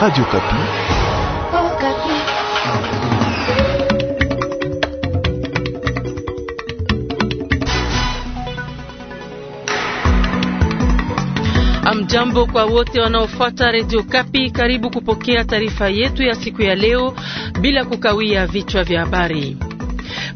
Radio Kapi. Oh, Kapi. Amjambo kwa wote wanaofuata Radio Kapi, karibu kupokea taarifa yetu ya siku ya leo bila kukawia vichwa vya habari.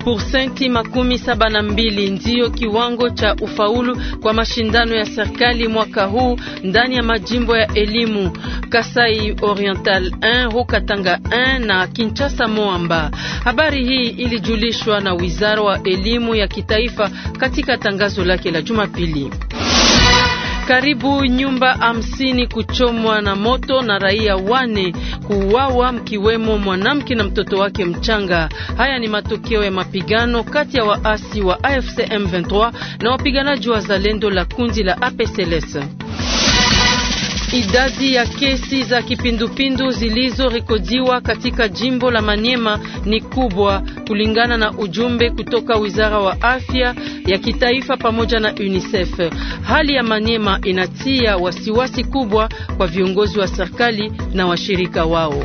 Pursenti makumi saba na mbili ndiyo kiwango cha ufaulu kwa mashindano ya serikali mwaka huu ndani ya majimbo ya elimu Kasai Oriental 1 Hokatanga 1 na Kinshasa Moamba. Habari hii ilijulishwa na Wizara wa Elimu ya Kitaifa katika tangazo lake la Jumapili. Karibu nyumba hamsini kuchomwa na moto na raia wane kuuawa mkiwemo mwanamke na mtoto wake mchanga. Haya ni matokeo ya mapigano kati ya waasi wa AFC M23 na wapiganaji wa zalendo la kundi la APCLS. Idadi ya kesi za kipindupindu zilizorekodiwa katika jimbo la manyema ni kubwa, kulingana na ujumbe kutoka Wizara wa Afya ya Kitaifa pamoja na UNICEF. Hali ya manyema inatia wasiwasi kubwa kwa viongozi wa serikali na washirika wao.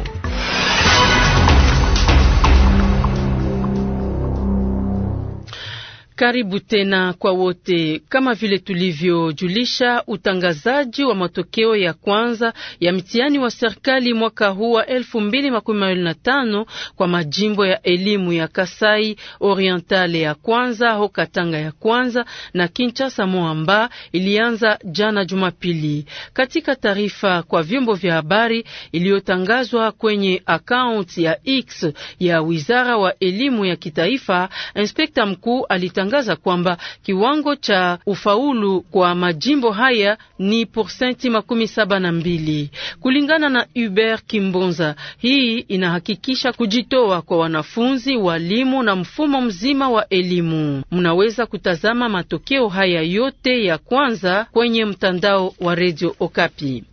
Karibu tena kwa wote. Kama vile tulivyojulisha, utangazaji wa matokeo ya kwanza ya mtihani wa serikali mwaka huu wa 2025 kwa majimbo ya elimu ya Kasai Orientale ya kwanza, Hokatanga ya kwanza na Kinshasa Moamba ilianza jana Jumapili. Katika taarifa kwa vyombo vya habari iliyotangazwa kwenye akaunti ya X ya Wizara wa Elimu ya Kitaifa, Inspekta Mkuu alitangaza anatangaza kwamba kiwango cha ufaulu kwa majimbo haya ni porsenti makumi saba na mbili kulingana na Hubert Kimbonza. Hii inahakikisha kujitoa kwa wanafunzi, walimu na mfumo mzima wa elimu. Mnaweza kutazama matokeo haya yote ya kwanza kwenye mtandao wa Radio Okapi.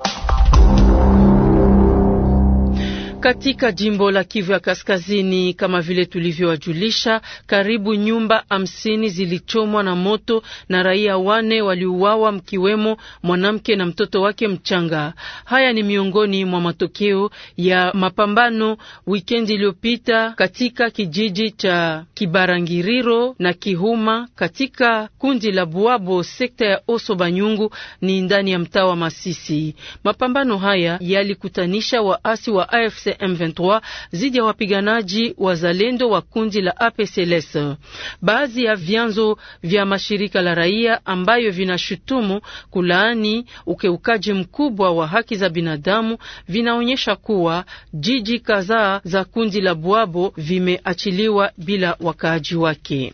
Katika jimbo la Kivu ya Kaskazini, kama vile tulivyowajulisha, karibu nyumba hamsini zilichomwa na moto na raia wane waliuawa, mkiwemo mwanamke na mtoto wake mchanga. Haya ni miongoni mwa matokeo ya mapambano wikendi iliyopita katika kijiji cha Kibarangiriro na Kihuma katika kundi la Buabo, sekta ya Oso Banyungu, ni ndani ya mtaa wa Masisi. Mapambano haya yalikutanisha waasi wa AFC AFC M23 dhidi ya wapiganaji wazalendo wa kundi la APCLS. Baadhi ya vyanzo vya mashirika la raia ambayo vinashutumu kulaani ukeukaji mkubwa wa haki za binadamu vinaonyesha kuwa jiji kadhaa za kundi la Bwabo vimeachiliwa bila wakaaji wake.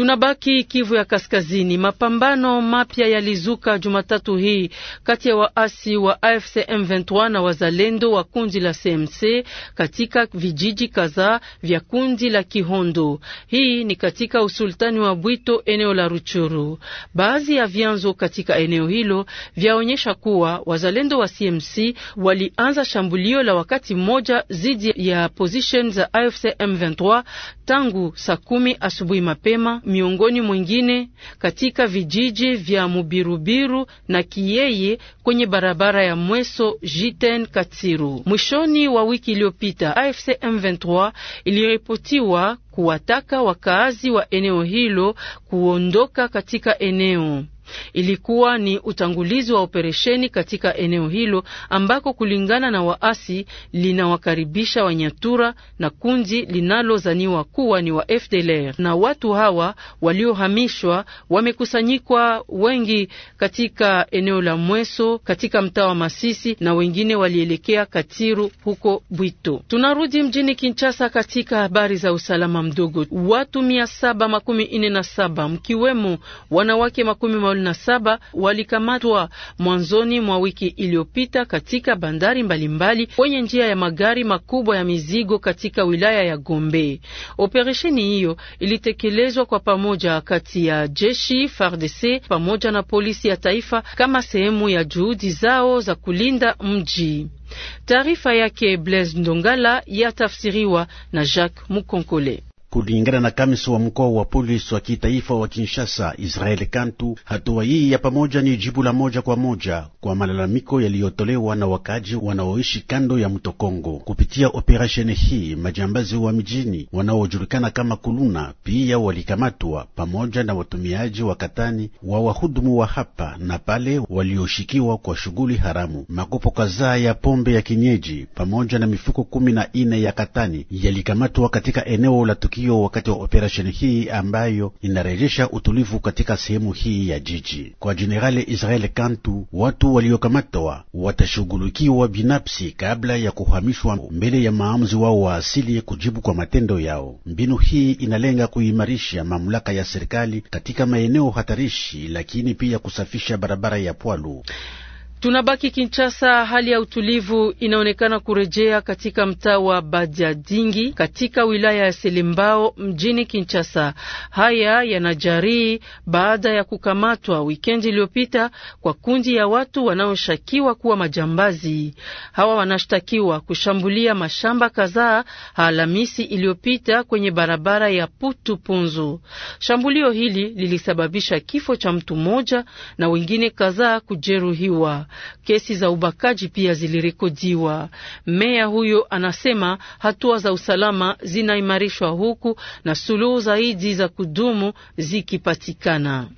Tunabaki Kivu ya Kaskazini. Mapambano mapya yalizuka Jumatatu hii kati ya waasi wa AFC M23 na wazalendo wa kundi la CMC katika vijiji kadhaa vya kundi la Kihondo. Hii ni katika usultani wa Bwito, eneo la Ruchuru. Baadhi ya vyanzo katika eneo hilo vyaonyesha kuwa wazalendo wa CMC walianza shambulio la wakati mmoja dhidi ya position za AFC M23 tangu saa kumi asubuhi mapema miongoni mwingine katika vijiji vya Mubirubiru na Kiyeye kwenye barabara ya Mweso Jiten Katsiru. Mwishoni wa wiki iliyopita, AFC M23 iliripotiwa kuwataka wakaazi wa eneo hilo kuondoka katika eneo Ilikuwa ni utangulizi wa operesheni katika eneo hilo ambako kulingana na waasi linawakaribisha Wanyatura na kundi linalozaniwa kuwa ni wa FDLR. Na watu hawa waliohamishwa wamekusanyikwa wengi katika eneo la Mweso katika mtaa wa Masisi na wengine walielekea Katiru huko Bwito. Tunarudi mjini Kinshasa katika habari za usalama mdogo. Watu mia mkiwemo wanawake makumi 27 walikamatwa mwanzoni mwa wiki iliyopita katika bandari mbalimbali kwenye mbali, njia ya magari makubwa ya mizigo katika wilaya ya Gombe. Operesheni hiyo ilitekelezwa kwa pamoja kati ya jeshi FARDC pamoja na polisi ya taifa kama sehemu ya juhudi zao za kulinda mji. Taarifa yake Blaise Ndongala yatafsiriwa na Jacques Mukonkole. Kulingana na kamiso wa mkoa wa polisi wa kitaifa wa Kinshasa, Israel Kantu, hatua hii ya pamoja ni jibu la moja kwa moja kwa malalamiko yaliyotolewa na wakaji wanaoishi kando ya mto Kongo. Kupitia operesheni hii, majambazi wa mijini wanaojulikana kama kuluna pia walikamatwa pamoja na watumiaji wa katani wa wahudumu wa hapa na pale walioshikiwa kwa shughuli haramu. Makopo kadhaa ya pombe ya kinyeji pamoja na mifuko kumi na ine ya katani yalikamatwa katika eneo la tukio hiyo wakati wa operesheni hii ambayo inarejesha utulivu katika sehemu hii ya jiji. Kwa Jenerali Israel Kantu, watu waliokamatwa watashughulikiwa binafsi kabla ya kuhamishwa mbele ya maamuzi wao wa asili kujibu kwa matendo yao. Mbinu hii inalenga kuimarisha mamlaka ya serikali katika maeneo hatarishi, lakini pia kusafisha barabara ya Pwalu. Tunabaki Kinshasa. Hali ya utulivu inaonekana kurejea katika mtaa wa Badiadingi katika wilaya ya Selembao mjini Kinshasa. Haya yanajarii baada ya kukamatwa wikendi iliyopita kwa kundi ya watu wanaoshakiwa kuwa majambazi. Hawa wanashtakiwa kushambulia mashamba kadhaa Alhamisi iliyopita kwenye barabara ya Putu Punzu. Shambulio hili lilisababisha kifo cha mtu mmoja na wengine kadhaa kujeruhiwa. Kesi za ubakaji pia zilirekodiwa. Meya huyo anasema hatua za usalama zinaimarishwa huku na suluhu zaidi za kudumu zikipatikana.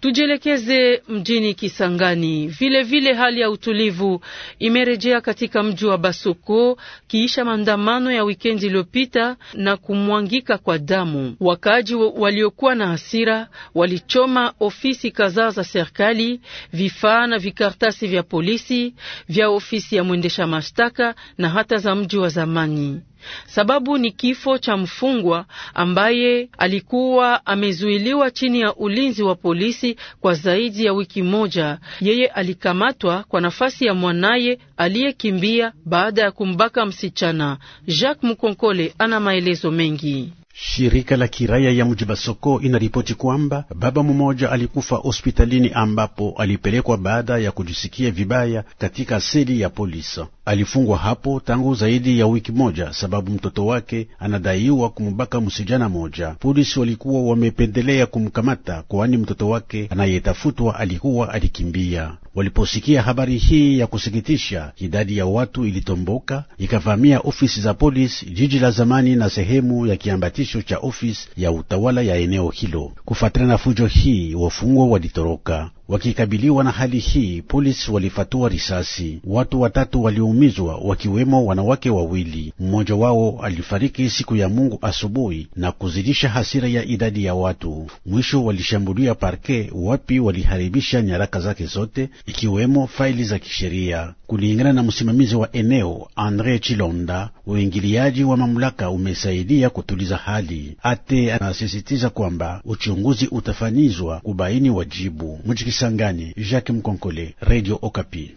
Tujielekeze mjini Kisangani. Vilevile vile hali ya utulivu imerejea katika mji wa Basoko kiisha maandamano ya wikendi iliyopita na kumwangika kwa damu. Wakaaji waliokuwa na hasira walichoma ofisi kadhaa za serikali, vifaa na vikartasi vya polisi, vya ofisi ya mwendesha mashtaka na hata za mji wa zamani. Sababu ni kifo cha mfungwa ambaye alikuwa amezuiliwa chini ya ulinzi wa polisi kwa zaidi ya wiki moja. Yeye alikamatwa kwa nafasi ya mwanaye aliyekimbia baada ya kumbaka msichana. Jacques Mukonkole ana maelezo mengi. Shirika la kiraia ya mji Basoko inaripoti kwamba baba mmoja alikufa hospitalini ambapo alipelekwa baada ya kujisikia vibaya katika seli ya polisi. Alifungwa hapo tangu zaidi ya wiki moja sababu mtoto wake anadaiwa kumbaka msijana moja. Polisi walikuwa wamependelea kumkamata, kwani mtoto wake anayetafutwa alikuwa alikimbia. Waliposikia habari hii ya kusikitisha, idadi ya watu ilitomboka ikavamia ofisi za polisi jiji la zamani na sehemu ya kiambatisha kitambulisho cha ofisi ya utawala ya eneo hilo. Kufuatana na fujo hii, wafungwa walitoroka. Wakikabiliwa na hali hii, polisi walifatua risasi. Watu watatu waliumizwa, wakiwemo wanawake wawili. Mmoja wao alifariki siku ya Mungu asubuhi na kuzidisha hasira ya idadi ya watu. Mwisho walishambulia parke wapi waliharibisha nyaraka zake zote, ikiwemo faili za kisheria. Kulingana na msimamizi wa eneo Andre Chilonda, uingiliaji wa mamlaka umesaidia kutuliza hali. Ate anasisitiza kwamba uchunguzi utafanizwa kubaini wajibu Mujikisa Kisangani, Jacques Mkonkole, Radio Okapi.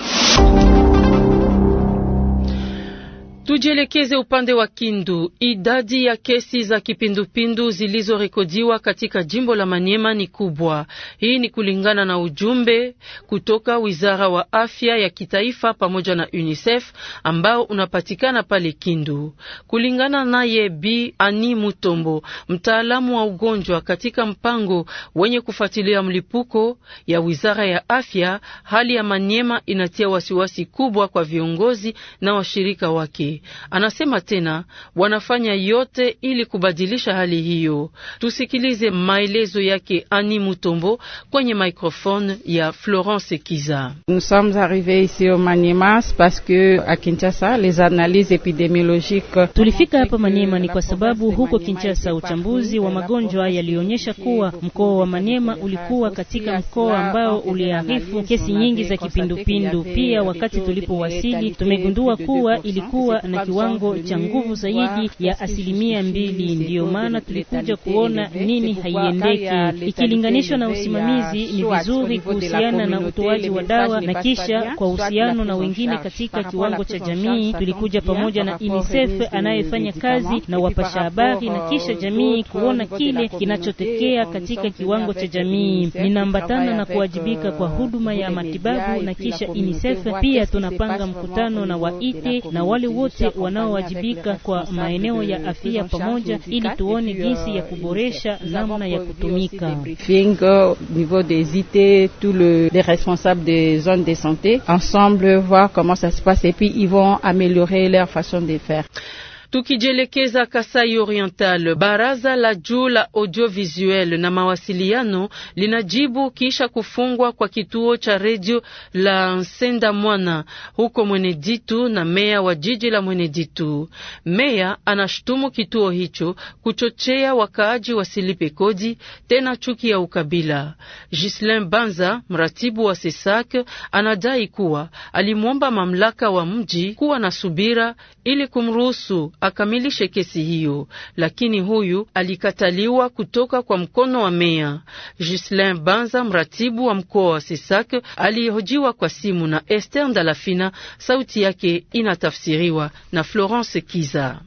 Tujielekeze upande wa Kindu. Idadi ya kesi za kipindupindu zilizorekodiwa katika jimbo la Manyema ni kubwa. Hii ni kulingana na ujumbe kutoka Wizara wa Afya ya Kitaifa pamoja na UNICEF ambao unapatikana pale Kindu. Kulingana naye Bi Ani Mutombo, mtaalamu wa ugonjwa katika mpango wenye kufuatilia mlipuko ya Wizara ya Afya, hali ya Manyema inatia wasiwasi kubwa kwa viongozi na washirika wake. Anasema tena wanafanya yote ili kubadilisha hali hiyo. Tusikilize maelezo yake Ani Mutombo kwenye microphone ya Florence Kiza. Nous sommes arrivés ici au Manimas parce que à Kinshasa les analyses epidemiologiques. Tulifika hapa Maniema ni kwa sababu huko Kinshasa uchambuzi wa magonjwa yalionyesha kuwa mkoa wa Maniema ulikuwa katika mkoa ambao uliarifu kesi nyingi za kipindupindu. Pia wakati tulipowasili tumegundua kuwa ilikuwa na kiwango cha nguvu zaidi ya asilimia mbili. Ndiyo maana tulikuja kuona nini haiendeki ikilinganishwa na usimamizi. Ni vizuri kuhusiana na utoaji wa dawa na kisha kwa uhusiano na wengine katika kiwango cha jamii. Tulikuja pamoja na UNICEF anayefanya kazi na wapasha habari na kisha jamii kuona kile kinachotokea katika kiwango cha jamii. Ninaambatana na kuwajibika kwa huduma ya matibabu na kisha UNICEF pia tunapanga mkutano na waite na wale wote wote wanaowajibika kwa maeneo ya afya pamoja, ili tuone jinsi ya kuboresha namna ya kutumika niveau des IT, tous le, responsables des zones de santé, ensemble voir comment ça se passe et puis ils vont améliorer leur façon de faire. Tukijielekeza Kasai Oriental, baraza la juu la audiovisuel na mawasiliano linajibu kisha kufungwa kwa kituo cha redio la Nsenda Mwana huko Mweneditu na meya wa jiji la Mweneditu. Meya anashutumu kituo hicho kuchochea wakaaji wasilipe kodi, tena chuki ya ukabila. Gislin Banza, mratibu wa Sesake, anadai kuwa alimwomba mamlaka wa mji kuwa na subira ili kumruhusu akamilishe kesi hiyo, lakini huyu alikataliwa kutoka kwa mkono wa meya. juselin Banza, mratibu wa mkoa wa Sisak, alihojiwa kwa simu na Esther Ndalafina. Sauti yake inatafsiriwa na Florence Kiza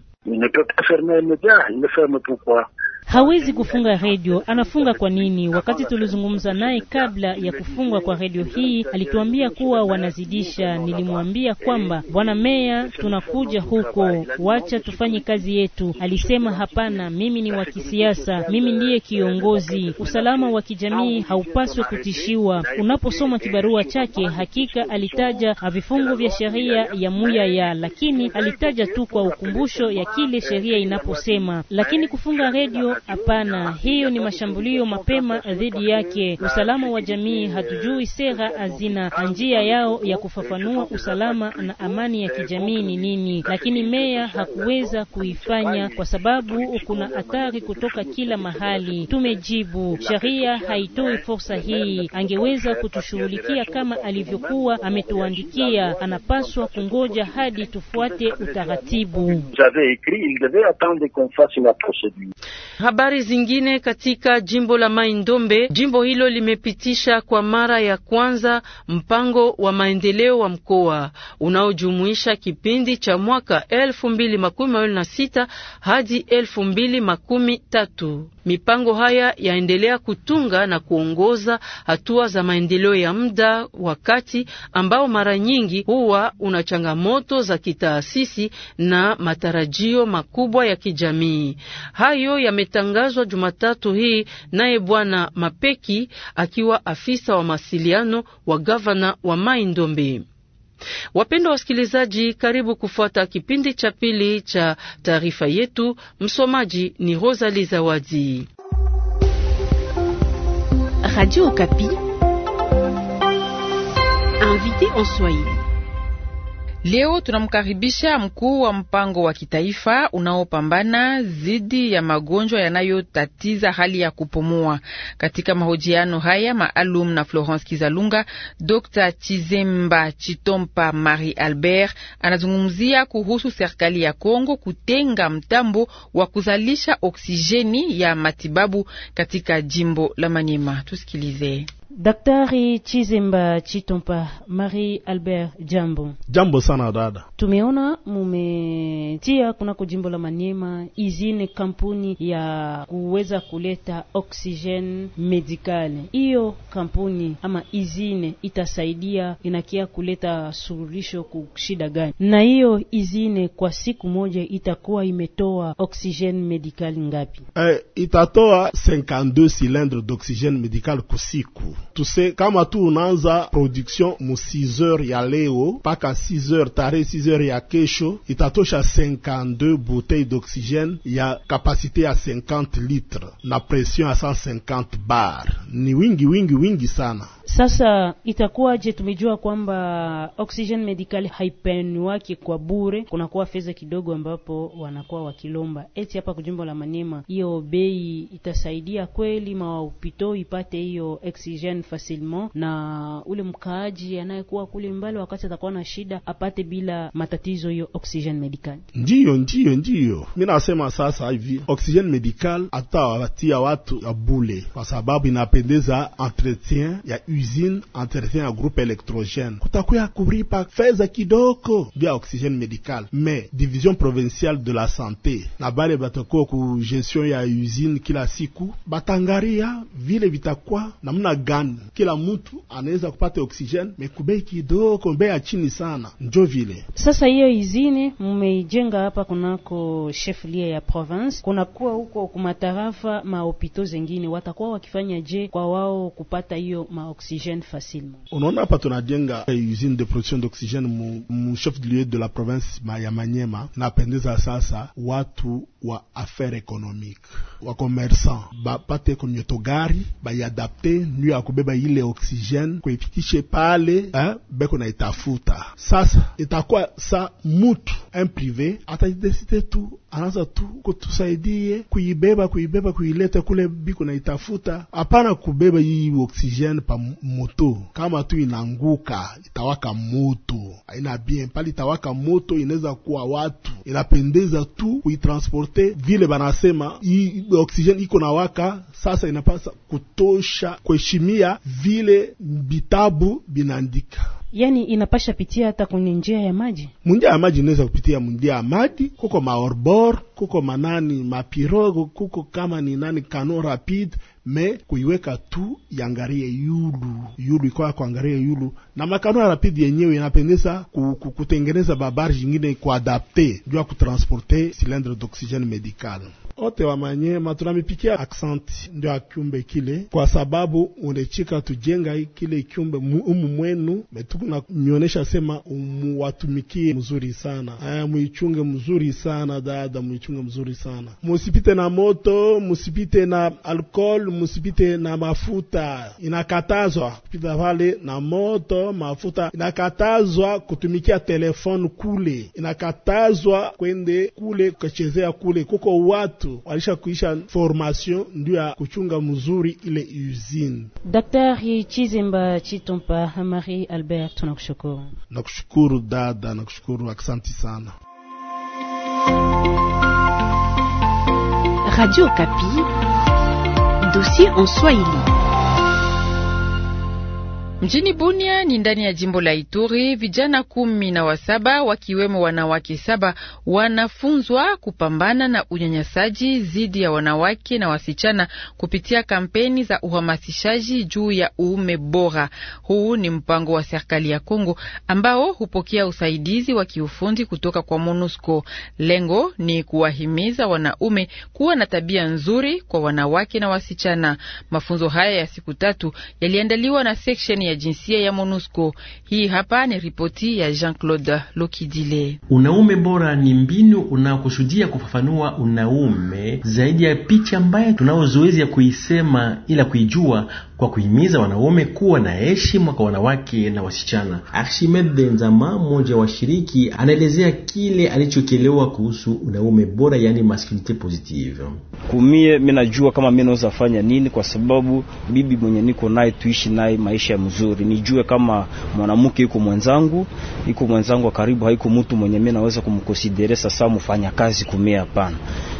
hawezi kufunga redio. Anafunga kwa nini? Wakati tulizungumza naye kabla ya kufungwa kwa redio hii, alituambia kuwa wanazidisha. Nilimwambia kwamba bwana meya, tunakuja huko, wacha tufanye kazi yetu. Alisema hapana, mimi ni wa kisiasa, mimi ndiye kiongozi. Usalama wa kijamii haupaswi kutishiwa. Unaposoma kibarua chake, hakika alitaja vifungo vya sheria ya Muyaya, lakini alitaja tu kwa ukumbusho ya kile sheria inaposema, lakini kufunga redio Hapana, hiyo ni mashambulio mapema dhidi yake. Usalama wa jamii, hatujui sera hazina njia yao ya kufafanua usalama na amani ya kijamii ni nini, lakini meya hakuweza kuifanya kwa sababu kuna hatari kutoka kila mahali. Tumejibu, sheria haitoi fursa hii. Angeweza kutushughulikia kama alivyokuwa ametuandikia. Anapaswa kungoja hadi tufuate utaratibu. Habari zingine katika jimbo la Mai Ndombe, jimbo hilo limepitisha kwa mara ya kwanza mpango wa maendeleo wa mkoa unaojumuisha kipindi cha mwaka elfu hadi elfu Mipango haya yaendelea kutunga na kuongoza hatua za maendeleo ya muda wakati ambao mara nyingi huwa una changamoto za kitaasisi na matarajio makubwa ya kijamii. Hayo yame ilitangazwa Jumatatu hii, naye bwana Mapeki akiwa afisa wa mawasiliano wa gavana wa Mai Ndombe. Wapendwa wasikilizaji, karibu kufuata kipindi cha pili cha taarifa yetu. Msomaji ni rosali Zawadi, Radio Okapi, invité en Swahili. Leo tunamkaribisha mkuu wa mpango wa kitaifa unaopambana dhidi ya magonjwa yanayotatiza hali ya kupumua. Katika mahojiano haya maalum na Florence Kizalunga, Dr. Chizemba Chitompa Marie Albert anazungumzia kuhusu serikali ya Kongo kutenga mtambo wa kuzalisha oksijeni ya matibabu katika jimbo la Manyema. Tusikilize. Daktari Chizimba Chitompa Marie Albert, jambo. Jambo sana dada. Tumeona mumetia kuna kujimbo la Maniema izine kampuni ya kuweza kuleta oxygen medikali. Hiyo kampuni ama izine itasaidia inakia kuleta suluhisho kushida gani? Na hiyo izine kwa siku moja itakuwa imetoa oxygen medikali ngapi? Eh, itatoa 52 silindre d'oxygen médical kusiku tuse kama tu unaanza production mu 6 heures ya leo mpaka 6 heures tare 6 heures ya kesho, itatosha 52 bouteille d'oxygène ya kapasite ya 50 litres na pression ya 150 bar. Ni wingi wingi wingi sana. Sasa itakuwaje? Tumejua kwamba oxygen medical wake kwa bure, kunakuwa fedha kidogo ambapo wanakuwa wakilomba. Eti hapa kujimbo la Manema, hiyo bei itasaidia kweli maupito ipate hiyo oxygen comprenne facilement, na ule mkaaji anayekuwa kule mbali, wakati atakuwa na shida apate bila matatizo hiyo oxygen medical. Ndiyo, ndiyo, ndiyo, mimi nasema sasa hivi oxygen medical hata watia watu ya bule, kwa sababu inapendeza entretien ya usine, entretien ya groupe electrogene, kutakuya kuripa fedha kidogo vya oxygen medical, me division provinciale de la santé na bale batakuwa ku gestion ya usine kila siku batangaria vile vitakuwa namna gani sana, kila mtu anaweza kupata oksijeni mekubei kidogo, bei ya chini sana, njo vile sasa. Hiyo izini mmeijenga hapa kunako cheflia ya province, kunakuwa huko kumatarafa mahopito zengine watakuwa wakifanya je kwa wao kupata hiyo maoksijeni facilement? Unaona, hapa tunajenga usine de production d'oxygène mu, mu chef lieu de la province ya Manyema, napendeza sasa watu wa affaire économique wa commerçant bapate komyoto gari bayadapte nu kubeba ile oksijeni kuifikishe pale eh, beko na itafuta sasa. Itakuwa sa mutu un prive atajidesite tu anaza tu kutusaidie kuibeba kuibeba kuileta kule biko na itafuta, hapana kubeba hii oksijeni pa moto. Kama tu inanguka itawaka moto, aina bien pale itawaka moto, inaweza kuwa watu inapendeza tu kuitransporte vile banasema hii oksijeni iko na waka sasa, inapasa kutosha kuheshimia kupitia vile vitabu vinaandika Yani inapasha pitia hata kwenye njia ya maji, munjia ya maji inaweza kupitia munjia ya maji. Kuko maorbor, kuko manani mapirogo, kuko kama ni nani kano rapid me kuiweka tu yangarie yulu yulu ikoa kuangaria yulu na makano ya rapidi yenyewe inapendeza kutengeneza babari jingine kuadapte juu ya kutransporte silindre d'oxygene medical ote wamanyema tunamipikia accent ndio akiumbe kile, kwa sababu unechika tujenga kile kiumbe umu mwenu metukuna nyonesha sema umuwatumikie mzuri sana aya, muichunge mzuri sana dada, muichunge mzuri sana, musipite na moto, musipite na alkohol musipite na mafuta. Inakatazwa kupita pale na moto mafuta, inakatazwa kutumikia telefoni kule, inakatazwa kwende kule kuchezea kule. Kuko watu walisha kuisha formation ndio ya kuchunga mzuri ile usine. Daktari Chizimba Chitompa Marie Albert, tunakushukuru. Nakushukuru dada, nakushukuru, aksanti sana. Radio Kapi. dossier en Swahili. Mjini Bunia ni ndani ya jimbo la Ituri, vijana kumi na wasaba wakiwemo wanawake saba wanafunzwa kupambana na unyanyasaji dhidi ya wanawake na wasichana kupitia kampeni za uhamasishaji juu ya uume bora. Huu ni mpango wa serikali ya Kongo ambao hupokea usaidizi wa kiufundi kutoka kwa MONUSCO. Lengo ni kuwahimiza wanaume kuwa na tabia nzuri kwa wanawake na wasichana. Mafunzo haya ya siku tatu yaliandaliwa na section ya jinsia ya MONUSCO. Hii hapa ni ripoti ya Jean-Claude Lokidile. Unaume bora ni mbinu unaokusudia kufafanua unaume zaidi ya picha ambayo tunao zoezi ya kuisema ila kuijua kwa kuhimiza wanaume kuwa na heshima kwa wanawake na wasichana. Archimede Nzama, mmoja wa washiriki, anaelezea kile alichokielewa kuhusu unaume bora, yani masculinity positive. Kumie mimi najua kama mimi naweza fanya nini, kwa sababu bibi mwenye niko naye tuishi naye maisha ya mzuri, nijue kama mwanamke yuko mwenzangu, yuko mwenzangu wa karibu, haiko mtu mwenye mimi naweza kumkonsidere sasa mfanya kazi kumie, hapana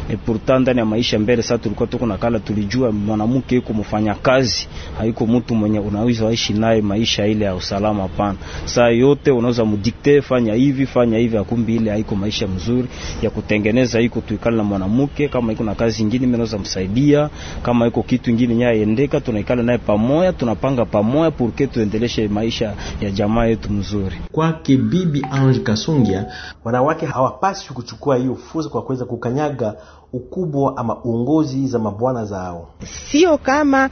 e pourtant ndani ya maisha mbele, sasa tulikuwa tuko na kala, tulijua mwanamke yuko mfanya kazi, haiko mtu mwenye unaweza aishi naye maisha ile ya usalama. Hapana, saa yote unaweza mudikte fanya hivi fanya hivi, akumbi ile haiko maisha mzuri ya kutengeneza. Iko tuikala na mwanamke, kama iko na kazi nyingine, mimi naweza msaidia, kama iko kitu kingine nyaye endeka, tunaikala naye pamoja, tunapanga pamoja purke tuendeleshe maisha ya jamaa yetu mzuri. Kwake bibi Ange Kasungia, wanawake hawapaswi kuchukua hiyo fursa kwa kuweza kukanyaga ukubwa ama uongozi za mabwana zao, sio kama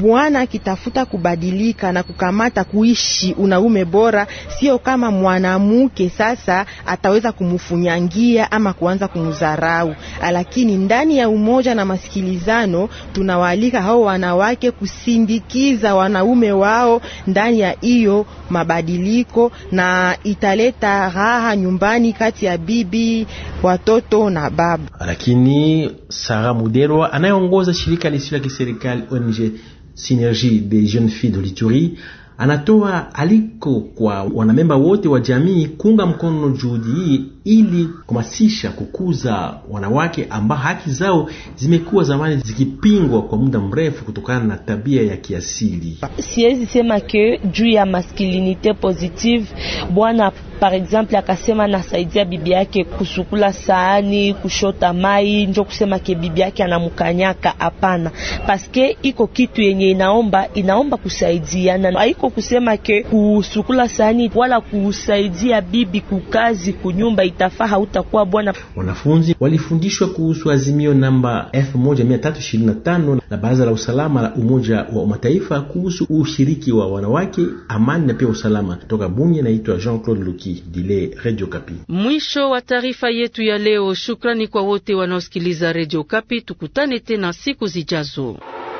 bwana akitafuta kubadilika na kukamata kuishi unaume bora, sio kama mwanamke sasa ataweza kumufunyangia ama kuanza kumdharau. Lakini ndani ya umoja na masikilizano, tunawaalika hao wanawake kusindikiza wanaume wao ndani ya hiyo mabadiliko, na italeta raha nyumbani kati ya bibi, watoto na babu, lakini ni Sarah Muderwa anayeongoza shirika lisilo la kiserikali ONG Synergie des Jeunes Filles de l'Ituri anatoa aliko kwa wanamemba wote wa jamii kuunga mkono juhudi hii ili kuhamasisha kukuza wanawake ambao haki zao zimekuwa zamani zikipingwa kwa muda mrefu kutokana na tabia ya kiasili. Siwezi sema ke juu ya masculinite positive bwana par exemple akasema nasaidia bibi yake kusukula saani, kushota mai, njo kusema ke bibi yake anamkanyaka. Hapana, paske iko kitu yenye inaomba inaomba kusaidiana, haiko kusema ke kusukula saani wala kusaidia bibi kukazi kunyumba, itafaa hautakuwa bwana. Wanafunzi walifundishwa kuhusu azimio namba 1325 na baraza la usalama la Umoja wa Mataifa kuhusu ushiriki wa wanawake, amani na pia usalama. Toka Bunya, naitwa Jean-Claude Luki dile Radio Kapi. Mwisho wa taarifa yetu ya leo. Shukrani kwa wote wanaosikiliza Radio Kapi. Tukutane tena siku zijazo.